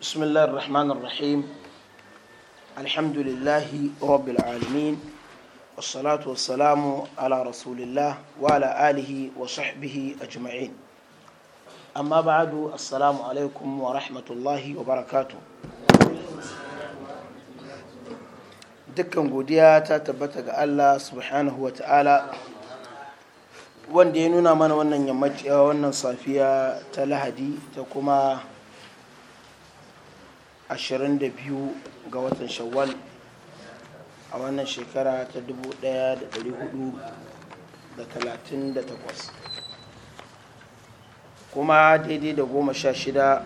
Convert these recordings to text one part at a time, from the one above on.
بسم الله الرحمن الرحيم الحمد لله رب العالمين والصلاة والسلام على رسول الله وعلى آله وصحبه أجمعين أما بعد السلام عليكم ورحمة الله وبركاته dukkan godiya ta tabbata ga Allah subhanahu wa ta'ala wanda ya nuna mana wannan yammaci wannan safiya ta lahadi ta kuma 22 ga watan shawwal a wannan shekara ta 1438 kuma daidai da goma sha shida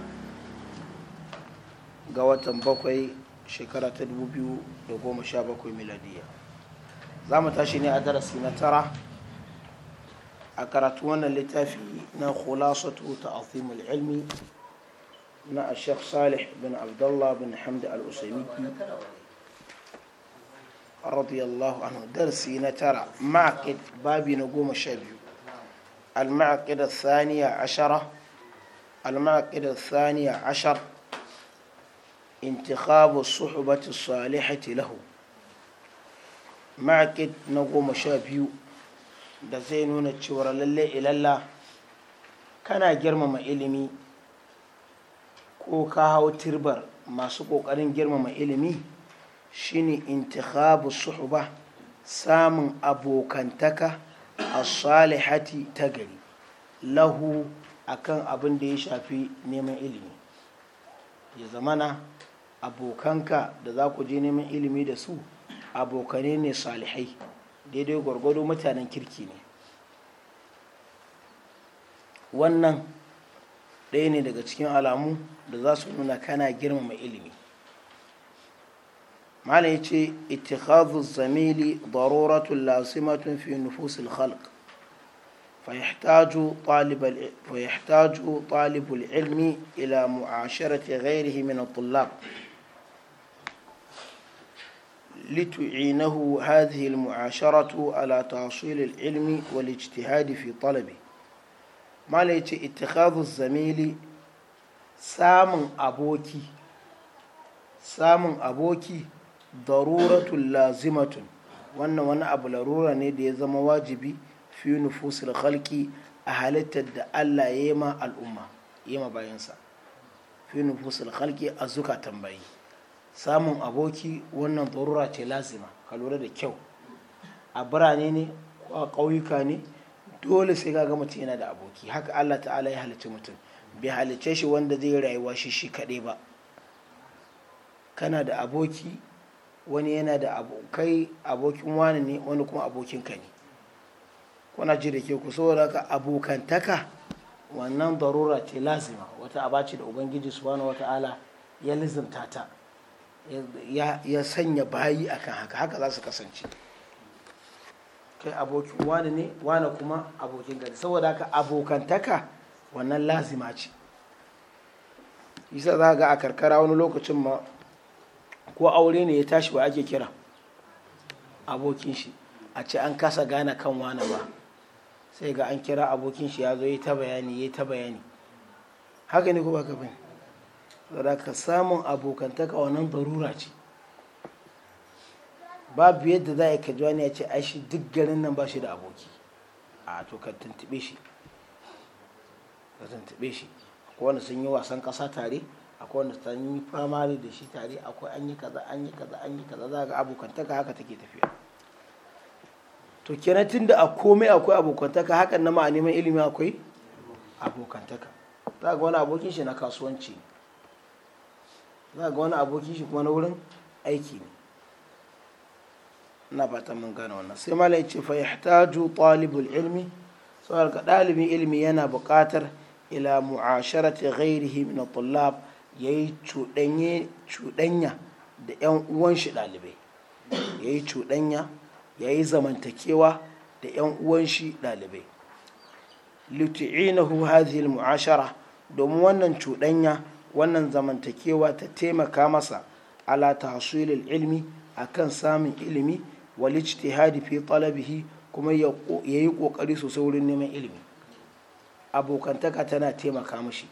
ga watan bakwai shekara ta 2017 miladiya za mu tashi ne a darasi na tara a karatu wannan littafi na khulasatu ta azimul ilmi na a sheikh salih bin abdullah bin hamdi al-usaimiki radiyallahu anhu darsi na tara ma'aqid babi na goma sha biyu al-ma'aqid al-thaniya ashara al-ma'aqid al-thaniya ashar انتخاب الصحبة salihati له ma'aqid na goma sha biyu da zai nuna cewar lalle ilalla kana girmama ilimi ko ka hau tirbar masu ƙoƙarin girmama ilimi shine intikhabu suhuba samun abokantaka a salihati ta gari lahu akan abin da ya shafi neman ilimi ya zamana abokanka da za ku je neman ilimi da su abokane ne salihai daidai gwargwado mutanen kirki ne wannan ɗaya ne daga cikin alamu da za su nuna kana girmama ilimi mana ya ce itikazu zamili daruratun lasimatun fi nufusul khalq fayahtaju talibul ilmi ila mu'asharati ghairihi min at-tullab لتعينه هذه المعاشرة على تحصيل العلم والاجتهاد fi طلبه mala ya ce ittikhadhu zamili samun aboki samun aboki daruratun lazimatun wannan wani abu larura ne da ya zama wajibi fi nufusul khalqi a halittar da Allah ya yi ma al'umma ya ma bayansa fi nufusul khalqi a zukatan bayi samun aboki wannan darura ce lazima ka lura da kyau a birane ne a ƙauyuka ne dole sai ga mutum yana da aboki haka Allah ta'ala ya halicci mutum bai halicce shi wanda zai rayuwa shi shi kaɗai ba kana da aboki wani yana da abokai abokin wani ne wani kuma abokin ka ne kuna ji da ke ku saboda ka abokantaka wannan darura ce lazima wata abaci da ubangiji subhanahu wata'ala ya lizimta ta ya sanya bayi akan haka haka za su kasance kai aboki wani ne wani kuma abokin gari saboda haka abokantaka wannan lazima ce isa za ga a karkara wani lokacin ma ko aure ne ya tashi wa ake kira abokin shi a ce an kasa gane kan wani ba sai ga an kira abokin shi ya zo yi ta bayani ya ta bayani haka ne ku ba ka bane saboda haka samun abokantaka wannan barura ce babu yadda za a yi kaji wani ya ce ai shi duk garin nan ba shi da aboki a to ka tuntube shi ka tuntube shi akwai wanda sun yi wasan ƙasa tare akwai wanda sun yi firamare da shi tare akwai an yi kaza an yi kaza an yi kaza za ga abokantaka haka take tafiya to kenan tun da a komai akwai abokantaka haka na ma a neman ilimi akwai abokantaka za ga wani abokin shi na kasuwanci ne za ga wani abokin shi kuma na wurin aiki ne ina fata mun gane wannan sai mala ya ce fa yahtaju talibul ilmi saboda ɗalibin ilmi yana buƙatar ila mu'asharati ghairihi min at-tullab yayi cuɗanye cuɗanya da ƴan uwan shi ɗalibai yayi cuɗanya yayi zamantakewa da ƴan uwan shi ɗalibai litu'inahu hadhihi al-mu'ashara domin wannan cuɗanya wannan zamantakewa ta taimaka masa ala tahsilil ilmi akan samun ilimi wal fi talabihi kuma ya yi kokari sosai wurin neman ilimi abokantaka tana taimaka mashi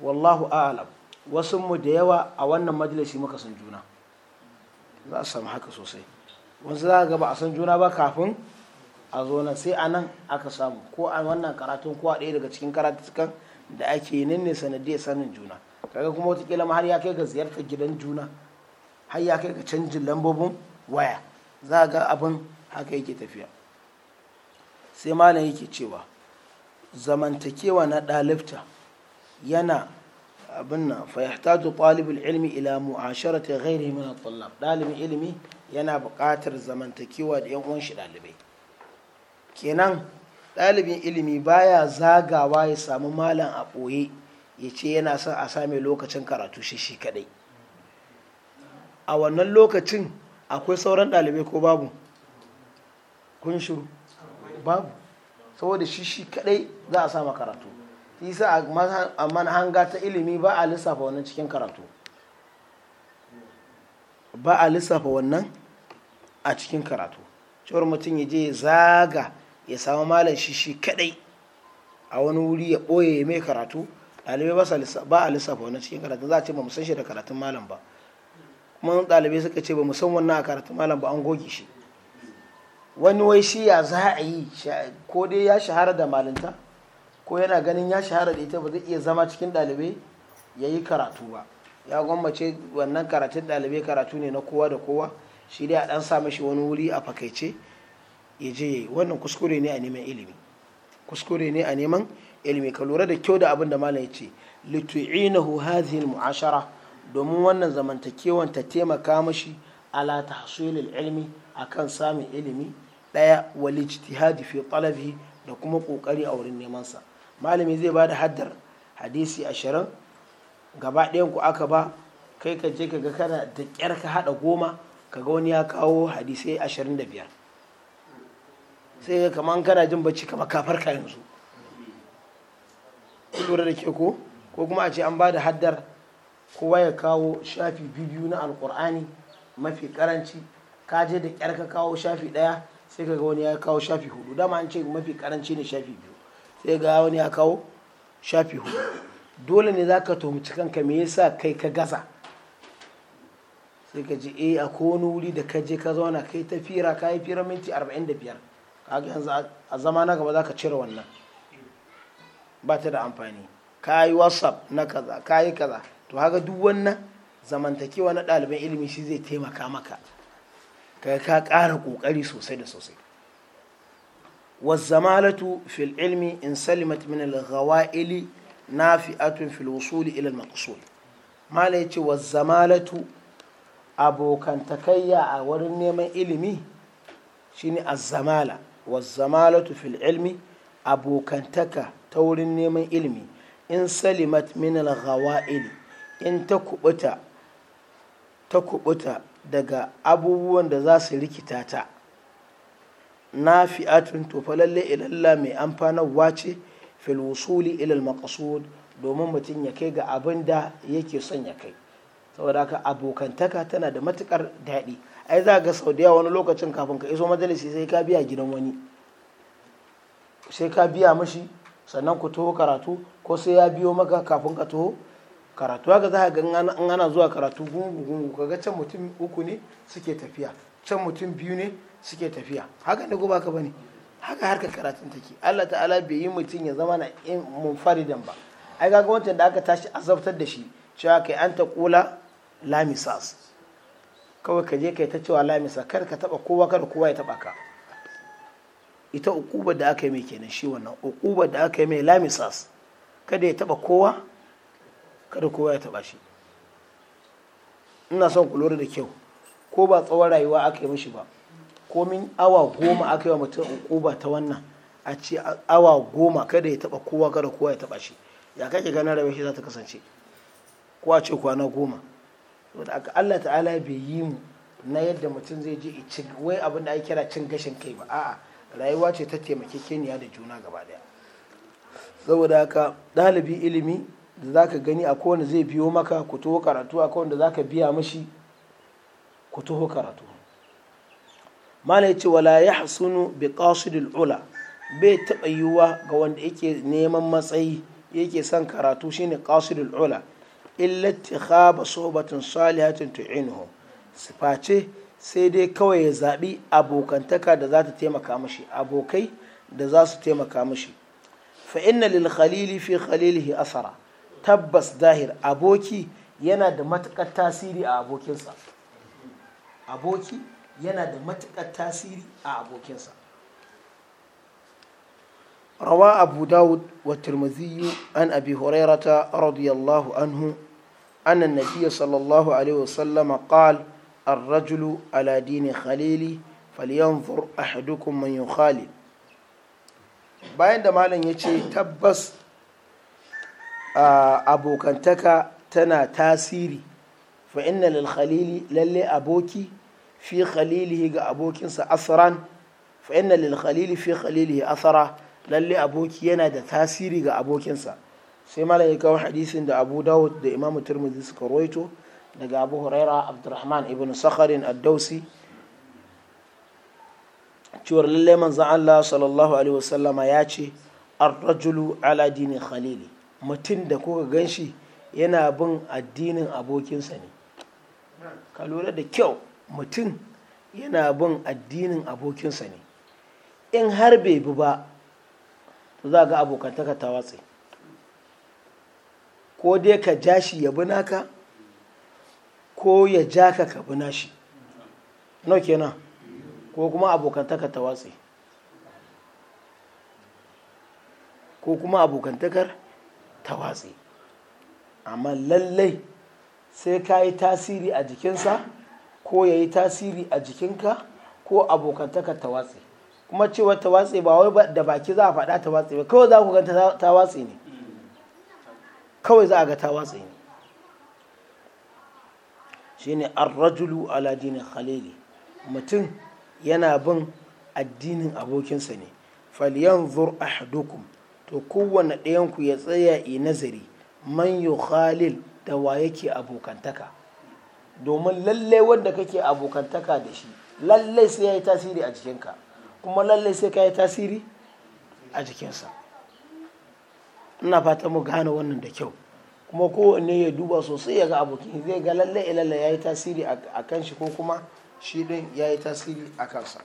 wallahu a'lam wasu mu da yawa a wannan majalisi muka san juna za a samu haka sosai wasu za ga gaba a san juna ba kafin a zo nan sai a nan aka samu ko a wannan karatun ko a ɗaya daga cikin karatukan da ake nan ne sanadiyar sanin juna kaga kuma watakila ma har ya kai ga ziyartar gidan juna har ya kai ga canjin lambobin waya za a ga abin haka yake tafiya sai malam yake cewa zamantakewa na ɗalibta yana abin nan fayahtaju ɗalibul ilmi ila mu'asharati ghairi min at-tullab ɗalibin ilimi yana buƙatar zamantakewa da yan uwan shi ɗalibai kenan ɗalibin ilimi baya zagawa ya samu malam a ɓoye ya ce yana son a same lokacin karatu shi shi kaɗai a wannan lokacin akwai sauran ɗalibai ko babu kun shiru babu saboda shi shi kadai za a sama karatu isa a manhanga ta ilimi ba a lissafa wannan cikin karatu ba a lissafa wannan a cikin karatu cewar mutum ya je zaga ya samu malam shi shi kadai a wani wuri ya ɓoye mai karatu ɗalibai ba a lissafa wannan cikin karatu za a ce ba mu san shi da karatun malam ba mun ɗalibai suka ce ba mu san a karatu malam ba an goge shi wani wai shi ya za a yi ko dai ya shahara da malinta ko yana ganin ya shahara da ita ba zai iya zama cikin ɗalibai ya yi karatu ba ya gwammace wannan karatun ɗalibai karatu ne na kowa da kowa shi dai a ɗan sa mashi wani wuri a fakaice ya je ya yi wannan kuskure ne a neman ilimi kuskure ne a neman ilimi ka lura da kyau da abin da malam ya ce litu'inahu hadhihi muashara domin wannan zamantakewan ta taimaka mashi ala tahsilil ilmi a kan samun ilimi ɗaya wal ijtihadi fi talabihi da kuma kokari a wurin nemansa. malami zai bada haddar hadisi ashirin gaba ɗayan ku aka ba kai ka je kaga kana da kyar ka hada goma ka ga wani ya kawo hadisai ashirin da biyar sai ga kamar kana jin bacci kama ka farka yanzu lura da ke ko ko kuma a ce an bada haddar kowa ya kawo shafi biyu na alkur'ani mafi karanci ka je da kyar ka kawo shafi ɗaya sai ka ga wani ya kawo shafi hudu dama an ce mafi karanci ne shafi biyu sai ga wani ya kawo shafi hudu dole ne za ka tuhumci kanka me yasa kai ka gaza sai ka ji eh a wani wuri da ka je ka zauna kai ta fira ka yi fira minti 45 kaga yanzu a zama na gaba za ka cire wannan ba ta da amfani ka yi whatsapp na kaza ka yi kaza to haka duk wannan zamantakewa na ɗaliban ilimi shi zai taimaka maka kai ka ƙara ƙoƙari sosai da sosai wazzamalatu fil ilmi in salimat min alghawaili nafi'atun fil wusuli ila al mala yace wazzamalatu abokantakayya a wurin neman ilimi shine azzamala wazzamalatu fil ilmi abokantaka ta wurin neman ilimi in salimat min ili. in ta kubuta ta kubuta daga abubuwan da za su rikita ta na fi'atun tofa lalle ilalla mai amfanarwa ce fil wusuli ilal maqsud domin mutum ya kai ga abin da yake son ya kai saboda haka abokantaka tana da matukar daɗi ai za ga sau da wani lokacin kafin ka iso majalisi sai ka biya gidan wani sai ka biya mashi sannan ku taho karatu ko sai ya biyo maka kafin ka taho karatu haka za ga in ana zuwa karatu gungu gungu kaga can mutum uku ne suke tafiya can mutum biyu ne suke tafiya haka ne ko baka bane haka harkar karatun take Allah ta'ala bai yi mutum ya zama na munfaridan ba ai kaga wancan da aka tashi azabtar da shi cewa kai an ta kula lamisas kawai ka je kai ta cewa lamisa kar ka taba kowa kar kowa ya taba ka ita ukubar da aka yi mai kenan shi wannan ukubar da aka yi mai lamisas kada ya taba kowa kada kowa ya taba shi ina son ku lura da kyau ko ba tsawon rayuwa aka yi mishi ba komin awa goma aka yi wa mutum ukuba ta wannan a ce awa goma kada ya taba kowa kada kowa ya taba shi ya kake ganin rayuwar shi za ta kasance ko a ce kwana goma saboda aka Allah ta'ala bai yi mu na yadda mutum zai je ci wai abin da ake kira cin gashin kai ba a'a rayuwa ce ta taimakekeniya da juna gaba daya saboda haka ɗalibi ilimi da za ka gani a kowane zai biyo maka ku taho karatu a kowane za ka biya mashi ku taho karatu mala ya ce wala ya hasunu bi qasidil ula bai taɓa yiwuwa ga wanda yake neman matsayi yake son karatu shine qasidil ula illa so batun salihatin tu'inuhu siface sai dai kawai ya zaɓi abokantaka da za ta taimaka mashi abokai da za su taimaka mashi fa inna lil khalili fi khalilihi asara tabbas zahir aboki yana da matuƙar tasiri a abokinsa aboki yana da matuƙar tasiri a abokinsa rawa abu dawud wa turmaziyu an abi hurairata radiyallahu anhu أن النبي sallallahu alaihi عليه وسلم قال الرجل على دين خليلي فلينظر أحدكم من bayan da malam ya ce tabbas abokantaka tana tasiri fa inna lil khalili lalle aboki fi khalilihi ga abokinsa asaran fa inna lil khalili fi khalilihi asara lalle aboki yana da tasiri ga abokinsa sai malaye kawo hadisin da abu dawud da imamu tirmidhi suka roito daga abu huraira abdurrahman ibn sakharin Dawsi. cewar lalle manzan allah sallallahu alaihi wasallama ya ce ar-rajulu ala dini khalili mutum da kuka gan shi yana bin addinin abokinsa ne ka lura da kyau mutum yana bin addinin abokinsa ne in har bai bi ba to za ga abokantaka ta watsi ko dai ka ja shi ya bi naka ko ya ja ka ka bi kenan ko kuma abokantaka ta watsi. ko kuma abokantakar ta watsi amma lallai sai ka yi tasiri a jikinsa ko ya yi tasiri a jikinka ko abokantaka ta kuma cewa ta watsi ba wai da baki za a faɗa ta watsi ba kawai za ku ganta ta ne kawai za a ga ta watsi ne arrajulu ala aladinin khalili mutum yana bin addinin abokinsa ne falyanzur ahadukum to kowane ɗayanku ya tsaya yi nazari man yi khalil da wa yake abokantaka domin lalle wanda kake abokantaka da shi lalle sai ya yi tasiri a jikinka kuma lalle sai ka yi tasiri a jikinsa ina fata mu gane wannan da kyau kuma kowanne ya duba sosai ya ga abokin zai ga lalle ilalla eh, ya yi tasiri a kan shi ko kuma shi ɗin ya yi tasiri a kansa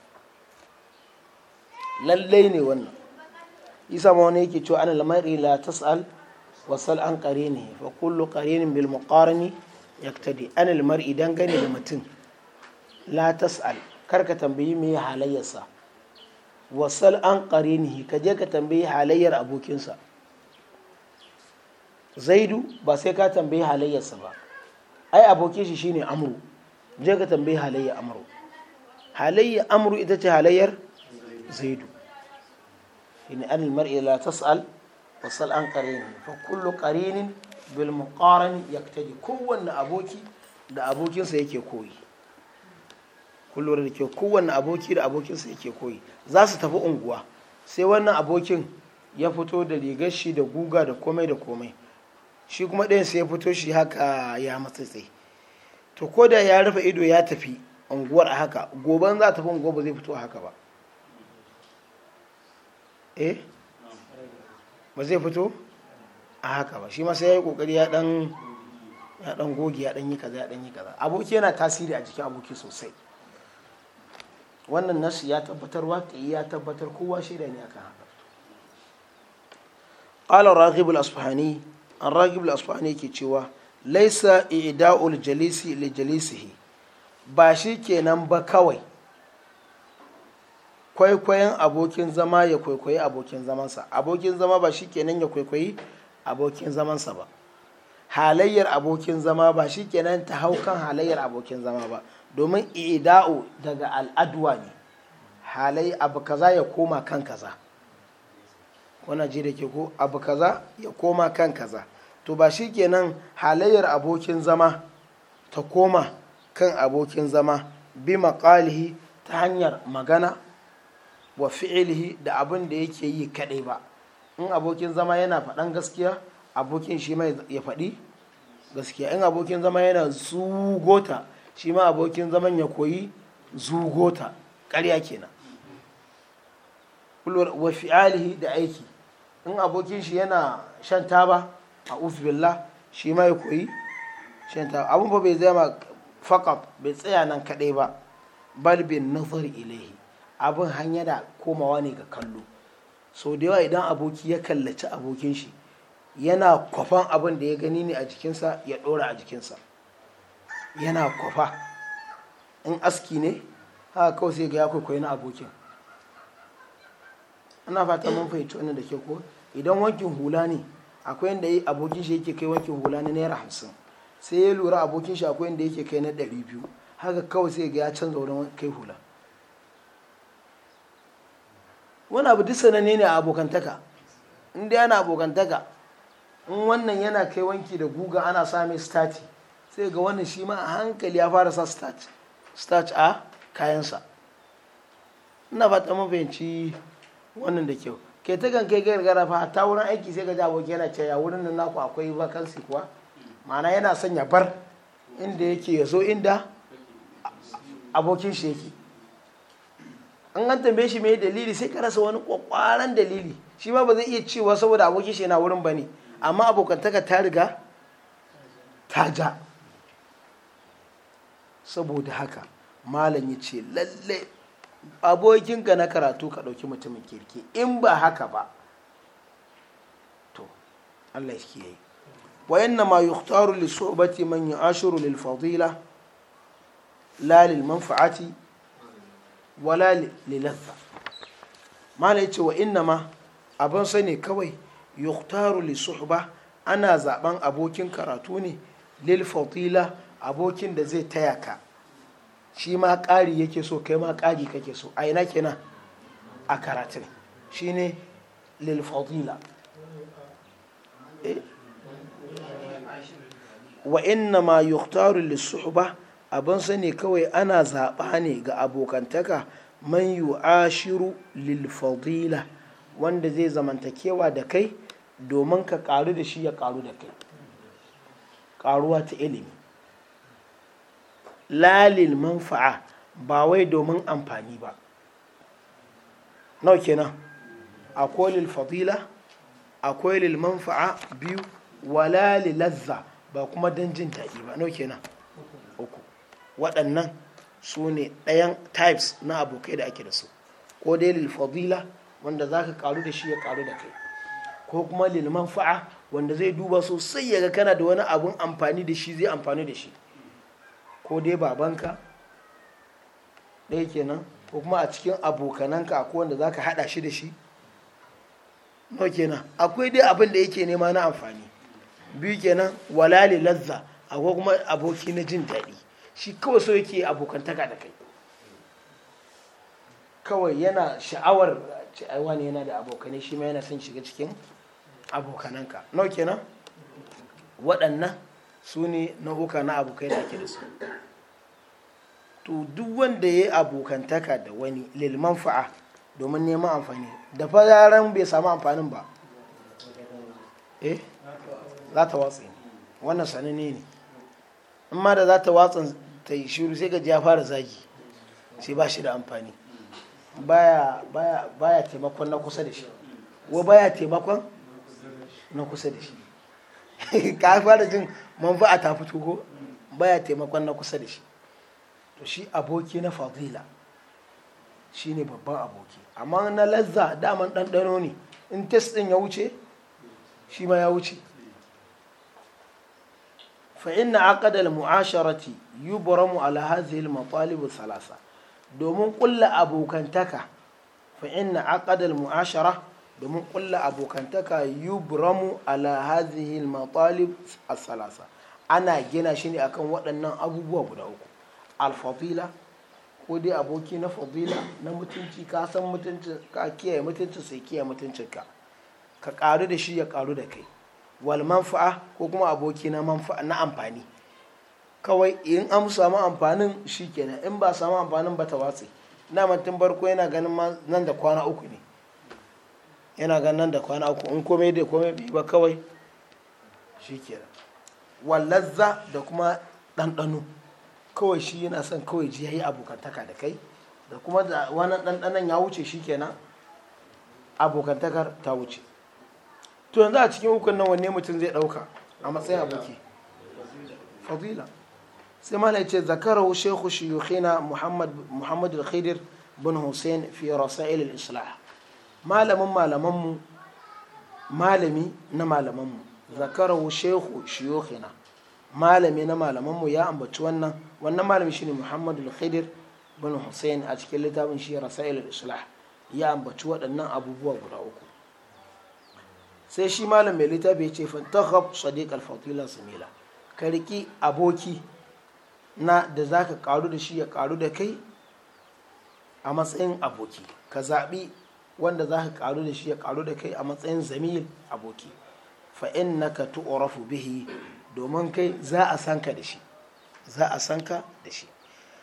lalle ne wannan isa ma wani yake cewa anil mar'i la tas'al wasal an qarinihi fa kullu qarinin bil muqarni yaktadi anil mar'i dangane da mutum la tas'al karka tambayi me halayyarsa wasal an qarinihi ka je ka tambayi halayyar abokinsa zaidu ba sai ka tambayi halayyarsa ba ai abokin shi shine amru je ka tambayi halayyar amru halayyar amru ita ce halayyar zaidu إن أن المرء لا تسأل واسأل عن قرين فكل قرين بالمقارن يقتدي كون أبوكي da abokinsa yake koyi kullum da ke kowanne aboki da abokinsa yake koyi za su tafi unguwa sai wannan abokin ya fito da rigar shi da guga da komai da komai shi kuma ɗayan sai ya fito shi haka ya matsatsai to ko da ya rufe ido ya tafi unguwar a haka goban za ta fi unguwar ba zai fito a haka ba eh ba zai fito a haka ba shi ma sai ya yi kokari ya dan gogi goge ya dan yi kaza ya dan yi kaza aboki yana tasiri a jikin aboki sosai wannan nasu ya tabbatar waƙi ya tabbatar kowa shaida ne akan haka ƙalar raghib al-asfahani ar-raghib asfahani ke cewa laisa i'da'ul jalisi li jalisihi ba shi kenan ba kawai kwaikwayon abokin zama ya kwaikwayi abokin zamansa abokin zama ba shi kenan ya kwaikwayi abokin zamansa ba halayyar abokin zama ba shi kenan ta hau kan halayyar abokin zama ba domin ida'u daga al'adwa ne halayi abu kaza ya koma kan kaza kuna ji da ke ko abu kaza ya koma kan kaza to ba shi kenan halayyar abokin zama ta koma kan abokin zama bi maƙalihi ta hanyar magana wa fi'ilihi da abin da yake yi kadai ba in abokin zama yana faɗan gaskiya abokin shi mai ya faɗi gaskiya in abokin zama yana zugota shi ma abokin zaman ya koyi zugota ƙarya kenan wa fi'alihi da aiki in abokin shi yana shan taba a ufbillah shi ma ya koyi shan taba abin ba bai zama faqat bai tsaya nan kadai ba bal bin nazar ilaihi abin hanya da komawa ne ga kallo sau da yawa idan aboki ya kallaci abokin shi yana kwafan abin da ya gani ne a jikinsa ya ɗora a jikinsa yana kwafa in aski ne haka kawai sai ga ya kwaikwayi na abokin ana fata mun fahimci wannan da ke ko idan wankin hula ne akwai yadda yi abokin shi yake kai wankin hula na naira hamsin sai ya lura abokin shi akwai yadda yake kai na ɗari biyu haka kawai sai ga ya canza wurin kai hula wani abu duk sananne ne a abokantaka in dai abokantaka in wannan yana kai wanki da guga ana mai stati sai ga wannan shi ma a hankali ya fara sa stati a kayansa ina fata mun fahimci wannan da kyau ke ta kan kai gargara fa ta wurin aiki sai ka ji aboki yana cewa wurin nan naku akwai vacancy kuwa ma'ana yana son ya bar inda yake ya zo inda abokin shi yake an an tambaye shi mai dalili sai ka rasa wani kwakwaran dalili shi ma ba zai iya cewa saboda abokin shi yana wurin bane amma abokantaka ta riga ta ja saboda haka malam ya ce lalle abokinka na karatu ka ɗauki mutumin kirki in ba haka ba to allah ya yi wa yanna ma yuktaru li su'bati man yu'ashiru lil fadila manfa'ati wala lilazza mala yace wa inna ma abin sani kawai yuktaru li suhba ana zaben abokin karatu ne lil fadila abokin da zai taya ka shi ma ƙari yake so kai ma ƙari kake so a ina kenan a karatun shine lil fadila eh? wa inna ma yuktaru li suhba abin sani kawai ana zaɓa ne ga abokantaka man yu'ashiru lil lilfadila wanda zai zamantakewa da kai domin ka ƙaru da shi ya ƙaru da kai ƙaruwa ta ilimi lalil manfa'a ba wai domin amfani ba nau kenan akwai lil akwai lil biyu wa lalilazza ba kuma don jin daɗi ba nau kenan waɗannan su ne ɗayan types na abokai da ake da su ko dai lil wanda za ka karu da shi ya karu da kai ko kuma lil fa'a wanda zai duba sosai ya ga kana da wani abun amfani da shi zai amfani da shi ko dai babanka ɗaya kenan ko kuma a cikin abokananka akwai wanda za ka haɗa shi da shi no kenan akwai dai abin da yake nema na amfani biyu kenan walali lazza akwai kuma aboki na jin daɗi shi kawai so yake abokantaka da kai kawai yana sha'awar aiwa ne yana da abokanai shi ma yana son shiga cikin abokananka nau kenan waɗannan su ne nau'uka na abokai da ake da su to duk wanda ya yi abokantaka da wani lilman fa'a domin neman amfani da fararen bai samu amfanin ba eh za ta watsi wannan sananne ne in ma da za ta watsi. ta yi shiru sai gaji ya fara zagi sai ba shi da amfani baya taimakon na kusa da shi wa baya taimakon na kusa da shi ka fara jin manfa'a ta fito ko baya taimakon na kusa da shi to shi aboki na fadila shi ne babban aboki amma na lazza daman ɗanɗano ne in test ɗin ya wuce shi ma ya wuce فإن عقد المعاشرة يبرم على هذه المطالب الثلاثة domin kulla abokantaka fa inna aqdal mu'ashara domin kulla abokantaka yubramu ala salasa ana gina shi ne akan waɗannan abubuwa guda uku alfafila ko dai aboki na fadila na mutunci ka san mutunci ka kiyaye mutuncin sai kiyaye mutuncinka ka karu da shi ya karu da kai wal manfa'a ko kuma aboki na manfa'a na amfani kawai in an samu amfanin shikenan in ba samu amfanin ba ta watsi na tun barko yana ganin nan da kwana uku ne yana ganin nan da kwana uku in komai da komai bi ba kawai shikenan wallazza da kuma ɗanɗano kawai shi yana son kawai ji yayi abokantaka da kai da kuma da wannan ɗanɗanon ya wuce shikenan abokantakar ta wuce to yanzu a cikin ukun nan wanne mutum zai ɗauka a matsayin aboki fadila sai malai ce zakarahu shekhu shiyukhina muhammad muhammad al-khidir bin hussein fi rasail al-islah malamin malamanmu malami na malamanmu zakarahu shekhu shiyukhina malami na malamanmu ya ambaci wannan wannan malami shine muhammad al-khidir bin hussein a cikin littafin shi rasail al-islah ya ambaci waɗannan abubuwa guda uku sai shi malam mai littafi ya ce fantakhab sadiq al-fatila samila ka riki aboki na da zaka karu da shi ya karu da kai a matsayin aboki ka zaɓi wanda zaka karu da shi ya karu da kai a matsayin zamil aboki fa innaka tu'rafu bihi domin kai za a san ka da shi za a san da shi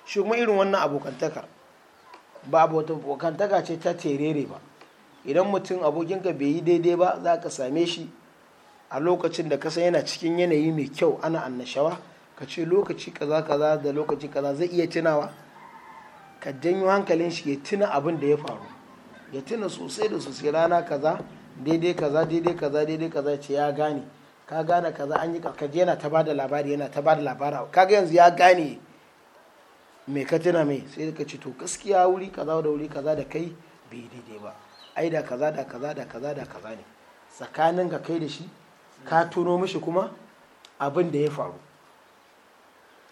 shi kuma irin wannan abokantakar ba abokantaka ce ta terere ba idan mutum abokinka bai yi daidai ba za ka same shi a lokacin da kasa yana cikin yanayi mai kyau ana annashawa ka ce lokaci kaza kaza da lokaci kaza zai iya tunawa ka janyo hankalin shi ya tuna abin da ya faru ya tuna sosai da sosai rana kaza daidai kaza daidai kaza daidai kaza ce ya gane ka gane kaza an yi kaji yana ta bada labari yana ta bada labara kaga yanzu ya gane me ka tuna mai sai ka ce to gaskiya wuri kaza da wuri kaza da kai bai daidai ba ai da kaza da kaza da kaza da kaza ne tsakanin ka kai da shi ka tuno mishi kuma abin da ya faru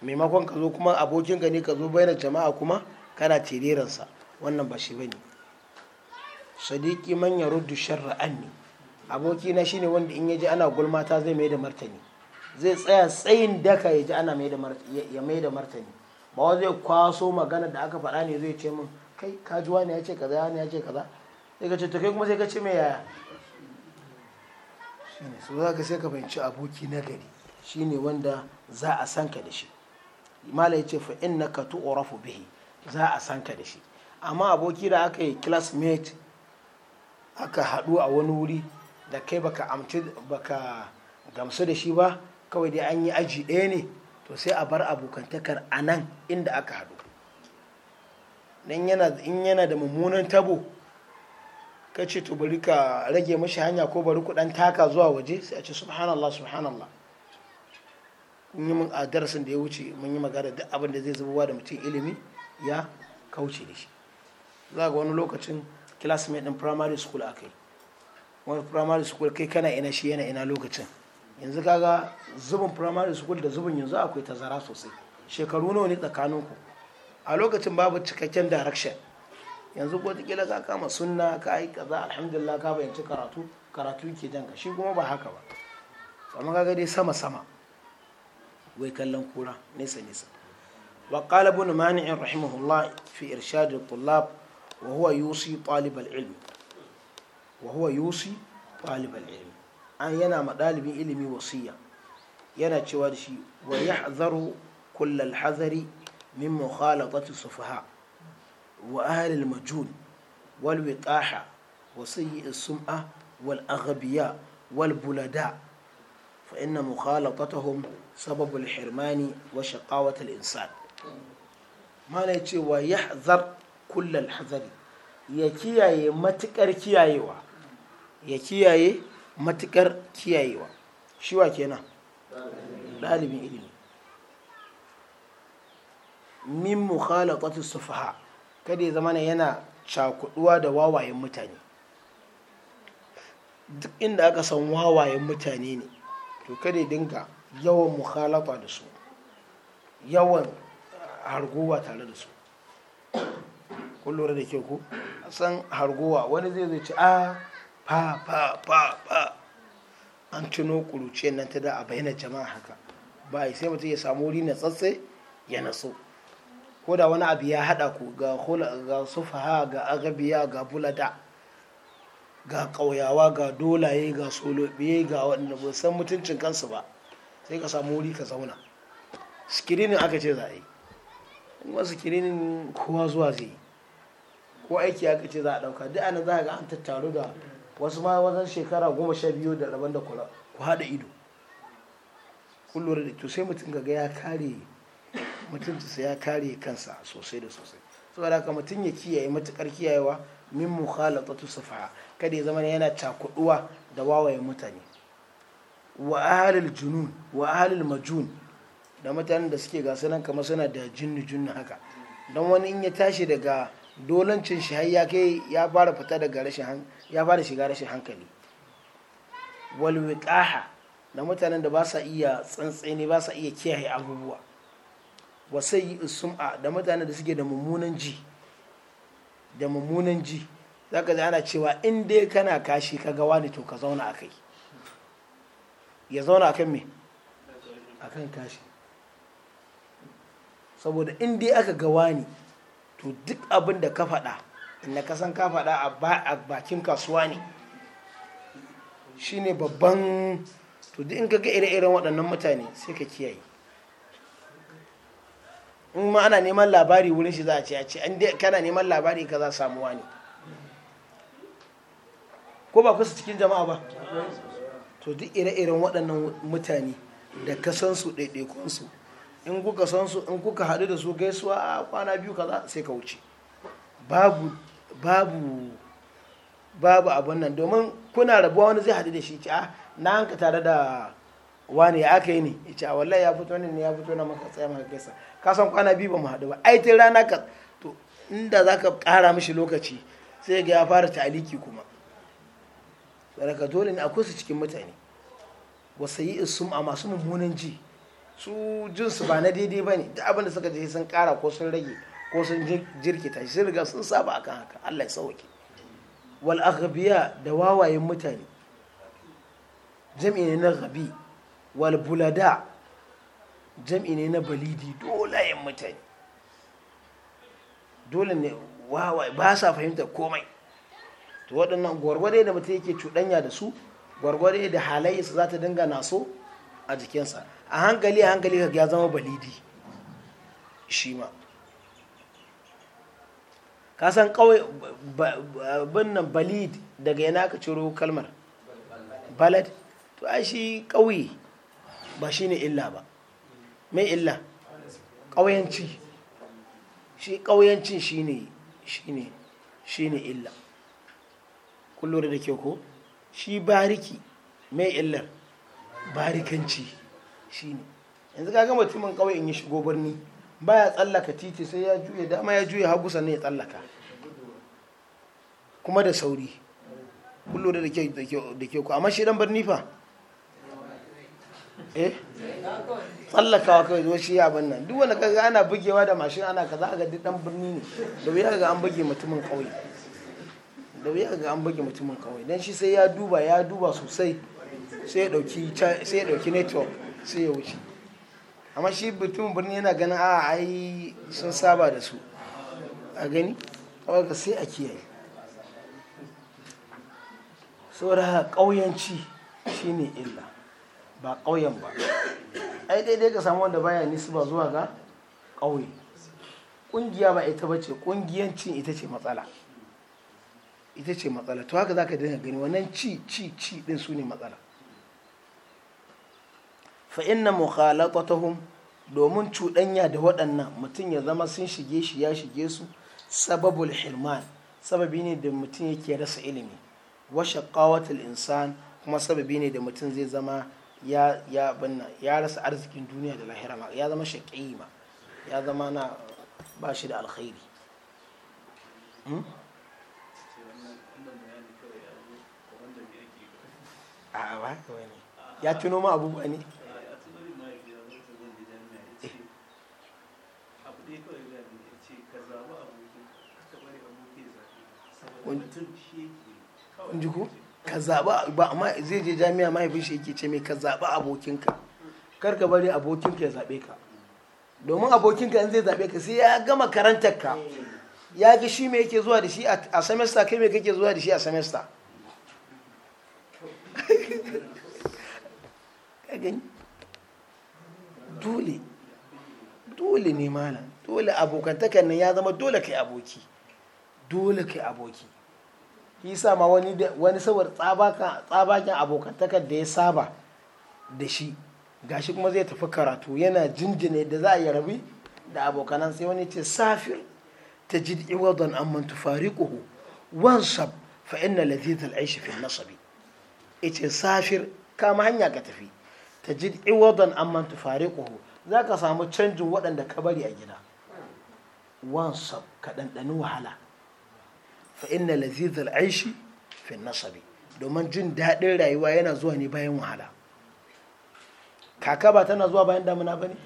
maimakon ka zo kuma abokin ka ne ka zo bayan jama'a kuma kana tireransa wannan ba shi bane sadiki man ya ruddu sharra anni aboki na shine wanda in yaji ana gulma ta zai mai da martani zai tsaya tsayin daka ya ji ana ya mai da martani ba zai kwaso magana da aka faɗa ne zai ce min kai kajuwa ne ya ce kaza ya ce kaza sai ka ce to kai kuma sai ka ce mai yaya shine so za ka sai ka fahimci aboki na gari shine wanda za a san ka da shi mala ya ce fa innaka tu'rafu bihi za a san ka da shi amma aboki da aka yi classmate aka haɗu a wani wuri da kai baka amci baka gamsu da shi ba kawai dai an yi aji ɗaya ne to sai a bar abokantakar a nan inda aka haɗu in yana da mummunan tabo ka ce to bari ka rage mashi hanya ko bari ku ɗan taka zuwa waje sai a ce subhanallah subhanallah mun yi a darasin da ya wuce mun yi magana duk abin da zai zubawa da mutum ilimi ya kauce da shi za ga wani lokacin classmate din primary school akai wani primary school kai kana ina shi yana ina lokacin yanzu kaga zubin primary school da zubin yanzu akwai tazara sosai shekaru nawa ne tsakaninku a lokacin babu cikakken direction yanzu ko kila ka kama sunna ka yi kaza alhamdulillah ka bayanci karatu karatu ke jan ka shi kuma ba haka ba amma kaga sama sama wai kallon kura nesa nesa wa qala ibn mani'in rahimahullah fi irshad al-tullab wa huwa yusi talib al-ilm wa huwa yusi talib al-ilm an yana ma dalibin ilimi wasiya yana cewa da shi wa yahzaru kullal hazari min mukhalatati sufaha wa ahlil majul wal wiqaha wa sayyi sum'a wal aghbiya wal bulada fa inna mukhalatatahum sababu al hirmani wa shaqawat al insan mana yace wa yahzar kull al hazari ya ya kiyaye matukar shi wa ilimi min mukhalatatis sufaha kada ya zama na yana cakuduwa da wawayen mutane duk inda aka san wawayen mutane ne to kada ya dinga yawan mukhalafa da su yawan ah, harguwa tare da su kun da ke ku san harguwa wani zai zai ci a fa fa fa fa an tuno kuruce nan ta da a bayyana jama'a haka ba sai mutum ya samu wuri na tsatsai ya naso ko da wani abu ya haɗa ku ga ga sufaha ga agabiya ga bulata ga ƙauyawa ga dolaye ga solobiye ga wanda ba san mutuncin kansu ba sai ka samu wuri ka zauna sikirinin aka ce za a yi kuma sikirinin kowa zuwa zai yi ko aiki aka ce za a ɗauka duk ana za a ga an tattaru da wasu ma wajen shekara goma sha biyu da rabon da kula ku haɗa ido kullum da to sai mutum ga ya kare mutuncinsa ya kare kansa sosai da sosai saboda haka mutum ya kiyaye matukar kiyayewa min mukhalatatu safaha kada ya zama yana cakuduwa da wawaye mutane wa ahlul junun wa ahlul majun da mutanen da suke ga nan kamar suna da jinnu juni haka dan wani in ya tashi daga dolancin shi har ya kai ya fara fita daga rashin ya fara shiga rashin hankali wal wiqaha da mutanen da ba sa iya tsantseni ba sa iya kiyaye abubuwa wa yi sum'a da mutanen da suke da mummunan ji da mummunan ji zaka ji ana cewa in dai kana kashi ka ga wani to ka zauna a kai ya zauna akan me akan kashi saboda in dai aka gawa ne to duk abin da ka faɗa inda ka san ka faɗa a bakin kasuwa ne shine babban to duk in ka ga ire-iren waɗannan mutane sai ka kiyaye in ma ana neman labari wurin shi za a ce ya ce an dai kana neman labari ka za samuwa ne ko ba kusa cikin jama'a ba to duk ire-iren waɗannan mutane da ka san su ɗaiɗaikun su in kuka san su haɗu da su gaisuwa a ah, kwana biyu kaza sai ka wuce babu babu abun nan domin kuna rabuwa wani zai haɗu da shi a ah, na hanka tare da wani ya aka yi ne ya ce a ah, wallai ya fito ne ya fito na maka tsaye maka gaisa ka san kwana biyu ba mu haɗu ba ai tun rana ka to inda za ka ƙara mishi lokaci sai ga ya fara taliki kuma saraka dole ne akwai su cikin mutane wasu yi isu a masu mummunan ji su jinsu ba na daidai ba ne da abin suka je sun ƙara ko sun rage ko sun jirkita shi sun riga sun saba akan haka Allah ya sauke wal aghbiya da wawayen mutane jami'in na ghabi wal bulada jam'i ne na balidi dolayen mutane dole ne ba sa fahimtar komai to waɗannan gwargwade da mutum yake cuɗanya da su gwargwade da halayyarsa za ta dinga naso a jikinsa a hankali a hankali ya zama balidi shi ma kasan kawai binnan balid daga yana ka ciro kalmar balad to ai shi ƙauye ba shi ne illa ba mai illa ƙauyanci shi ƙauyancin ne shi ne illa kullum da ke ko shi bariki mai illar barikanci shi ne yanzu kaga mutumin ƙauye in ya shigo birni baya tsallaka titi sai ya juya dama ya juya hagu sannan ya tsallaka kuma da sauri da da ke ko amma shi dan birni fa eh tsallakawa kawai zo shi abin nan duk wanda kaga ana bugewa da mashin ana kaza a ga dan birni ne da wuya ga an buge mutumin kauye da wuya ga an buge mutumin kauye dan shi sai ya duba ya duba sosai sai ya dauki sai ya dauki network sai ya wuce amma shi mutumin birni yana ganin a ai sun saba da su a gani kawai sai a kiyaye saboda kauyanci shine illa ba ƙauyen ba ai daidai ka samu wanda baya nisba zuwa ga ƙauye ƙungiya ba ita ba ce ƙungiyancin ita ce matsala ita ce matsala to haka za ka dinga gani wannan ci ci ci ɗin su ne matsala fa'in na mukhalatatahum domin cuɗanya da waɗannan mutum ya zama sun shige shi ya shige su sababul hirman sababi ne da mutum yake rasa ilimi washe shaqawatul insan kuma sababi ne da mutum zai zama ya ya binna ya rasa arzikin duniya da lahira ma ya zama shaƙi ma ya zama na ba shi da alkhairi hmm? a ba wani ya tuno ma abubuwa ne eh. kun ka zaɓa ba amma zai je jami'a mahaifin shi yake ce mai ka zaɓa abokinka kar ka bari abokinka ya zaɓe ka domin abokinka in zai zaɓe ka sai ya gama karantar ka ya ga shi me yake zuwa da shi a semester kai me kake zuwa da shi a semester dole dole ne malam dole abokantakar nan ya zama dole kai aboki dole kai aboki isa ma wani wani saboda tsabakin abokantakar da ya saba da shi gashi kuma zai tafi karatu yana jinjine da za a yi rabi da abokanan sai wani ce safir ta ji iwadon amman kuhu wansab fa inna ladhith al fi nasabi ya yace safir kama hanya ka tafi ta ji iwadon amman za ka samu canjin waɗanda ka bari a gida wansab ka ɗanɗani wahala fa inna lazizal aishi fi nasabi domin jin daɗin rayuwa yana zuwa ne bayan wahala kaka ba tana zuwa bayan damuna ba ne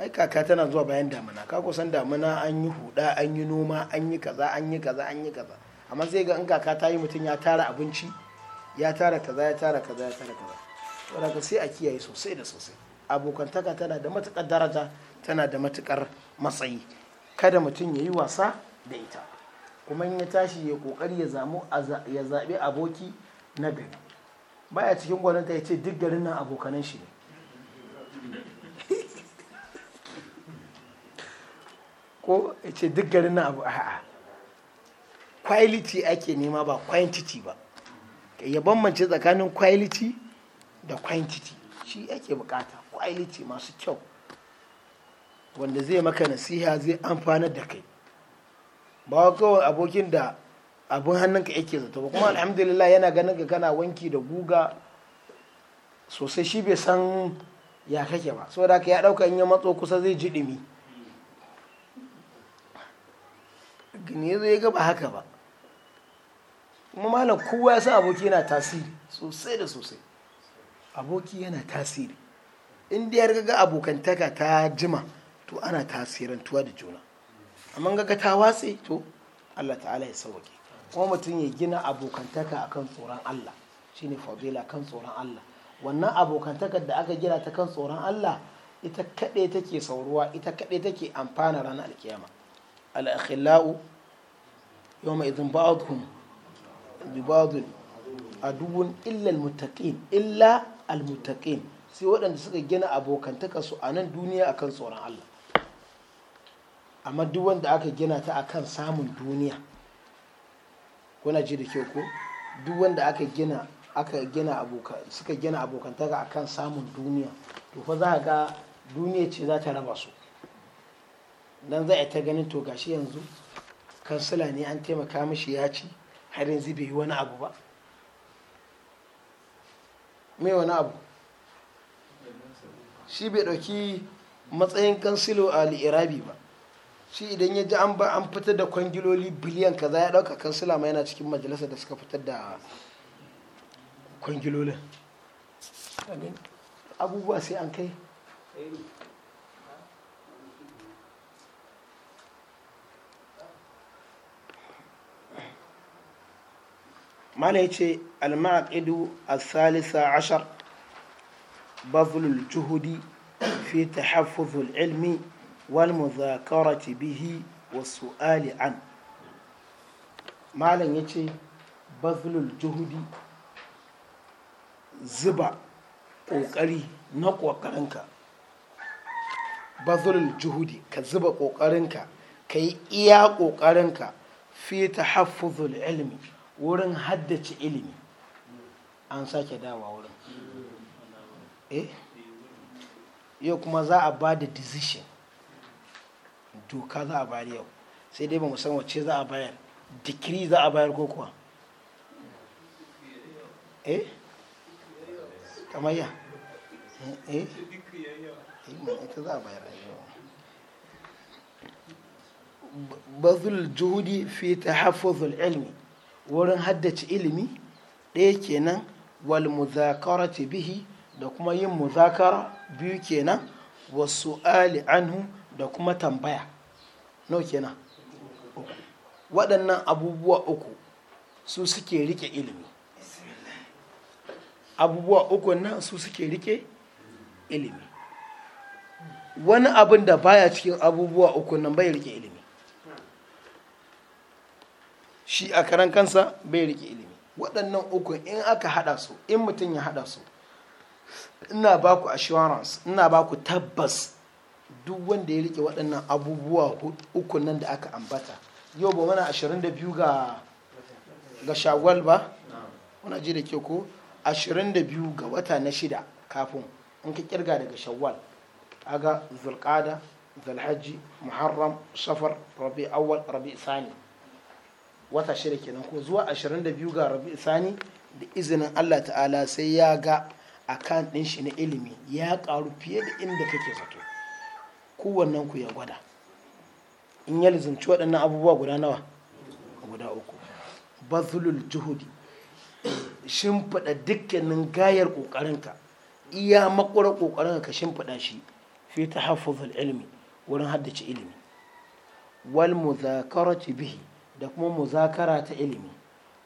ai kaka tana zuwa bayan damuna ka kusan damuna an yi huda an yi noma an yi kaza an yi kaza an yi kaza amma sai ga in kaka ta yi mutum ya tara abinci ya tara kaza ya tara kaza ya tara kaza saboda ka sai a kiyaye sosai da sosai abokantaka tana da matukar daraja tana da matukar matsayi kada mutum ya yi wasa da ita kuma in ya tashi ya kokari ya zamu ya zaɓi aboki na gari baya cikin gwaninta ya ce duk garin nan abokanan shi ne ko ya duk garin nan abu a'a quality ake nema ba quantity ba ya bambance tsakanin quality da quantity shi ake bukata quality masu kyau wanda zai maka nasiha zai amfanar da kai ba kawai abokin da abin hannunka yake zato kuma alhamdulillah yana ganin ka kana wanki da guga sosai shi bai san ya kake ba saboda ka ya dauka in ya matso kusa zai ji dimi gini zai ga ba haka ba kuma malam kowa ya san aboki yana tasiri sosai da sosai aboki yana tasiri in ya ga abokantaka ta jima to ana tasirantuwa da juna amma ga ta watse to Allah ta'ala ya sauke kuma mutum ya gina abokantaka akan tsoron Allah shine fadila kan tsoron Allah wannan abokantakar da aka gina ta kan tsoron Allah ita kaɗe take sauruwa ita kaɗe take amfana ranar alkiyama al'akhila'u yau mai izin ba'adun ba'adun illa almuttaqin illa almuttaqin sai waɗanda suka gina abokantaka su a nan duniya akan tsoron Allah amma duk wanda aka gina ta akan samun duniya kuna ji da kyau ko duk wanda aka gina aka gina abokan suka gina abokantaka akan samun duniya to fa za ga duniya ce za ta raba su dan za a ta ganin to gashi yanzu kansila ne an taimaka mishi ya ci har yanzu bai yi wani abu ba mai wani abu shi bai ɗauki matsayin kansilo a al'irabi ba shi idan ya ji an ba an fitar da kwangiloli biliyan kaza ya dauka kansila ma yana cikin majalisar da suka fitar da kwangilolin abubuwa sai an kai mana ya ce almaqidu salisa ashar bazlul juhudi fi tahaffuzul ilmi walmuzakarati bihi wa an malam yace bazlul juhudi zuba kokari na kokarinka bazlul juhudi ka zuba kokarinka ka yi iya kokarinka fi haffuzul ilmi wurin haddace ilimi an sake dawa wurin eh yau kuma za a ba da decision doka za a bayar yau sai dai ba mu san wacce za a bayar dikiri za a bayar ko kuwa eh kamar ya eh, eh ita za a bayar bazul juhudi fi tahaffuzul ilmi wurin haddace ilimi ɗaya kenan wal muzakarati bihi da kuma yin muzakara biyu kenan wasu ali anhu da kuma tambaya nau kenan waɗannan abubuwa uku su suke rike ilimi abubuwa uku nan su suke rike ilimi wani abin da baya cikin abubuwa uku nan bai rike ilimi shi a karan kansa bai rike ilimi waɗannan uku in aka haɗa su in mutum ya haɗa su ina ba ku assurance ina ba ku tabbas duk wanda ya rike waɗannan abubuwa uku nan da aka ambata yau ba mana 22 ga ga shawal ba wani ji da ke ko 22 ga wata na shida kafin in ka kirga daga shawwal aga zulqada zulhaji muharram safar rabi awal rabi sani wata shida kenan ko zuwa 22 ga rabi sani da izinin Allah ta'ala sai ya ga akan ɗin shi na ilimi ya ƙaru fiye da inda kake zato kowannen ku ya gwada in ya lizinci waɗannan abubuwa guda nawa guda uku bazulul juhudi shimfiɗa dukkanin gayar ƙoƙarinka iya makwara ƙoƙarinka ka shimfiɗa shi fi ta hafizul ilmi wurin haddace ilimi wal muzakarati bihi da kuma muzakara ta ilimi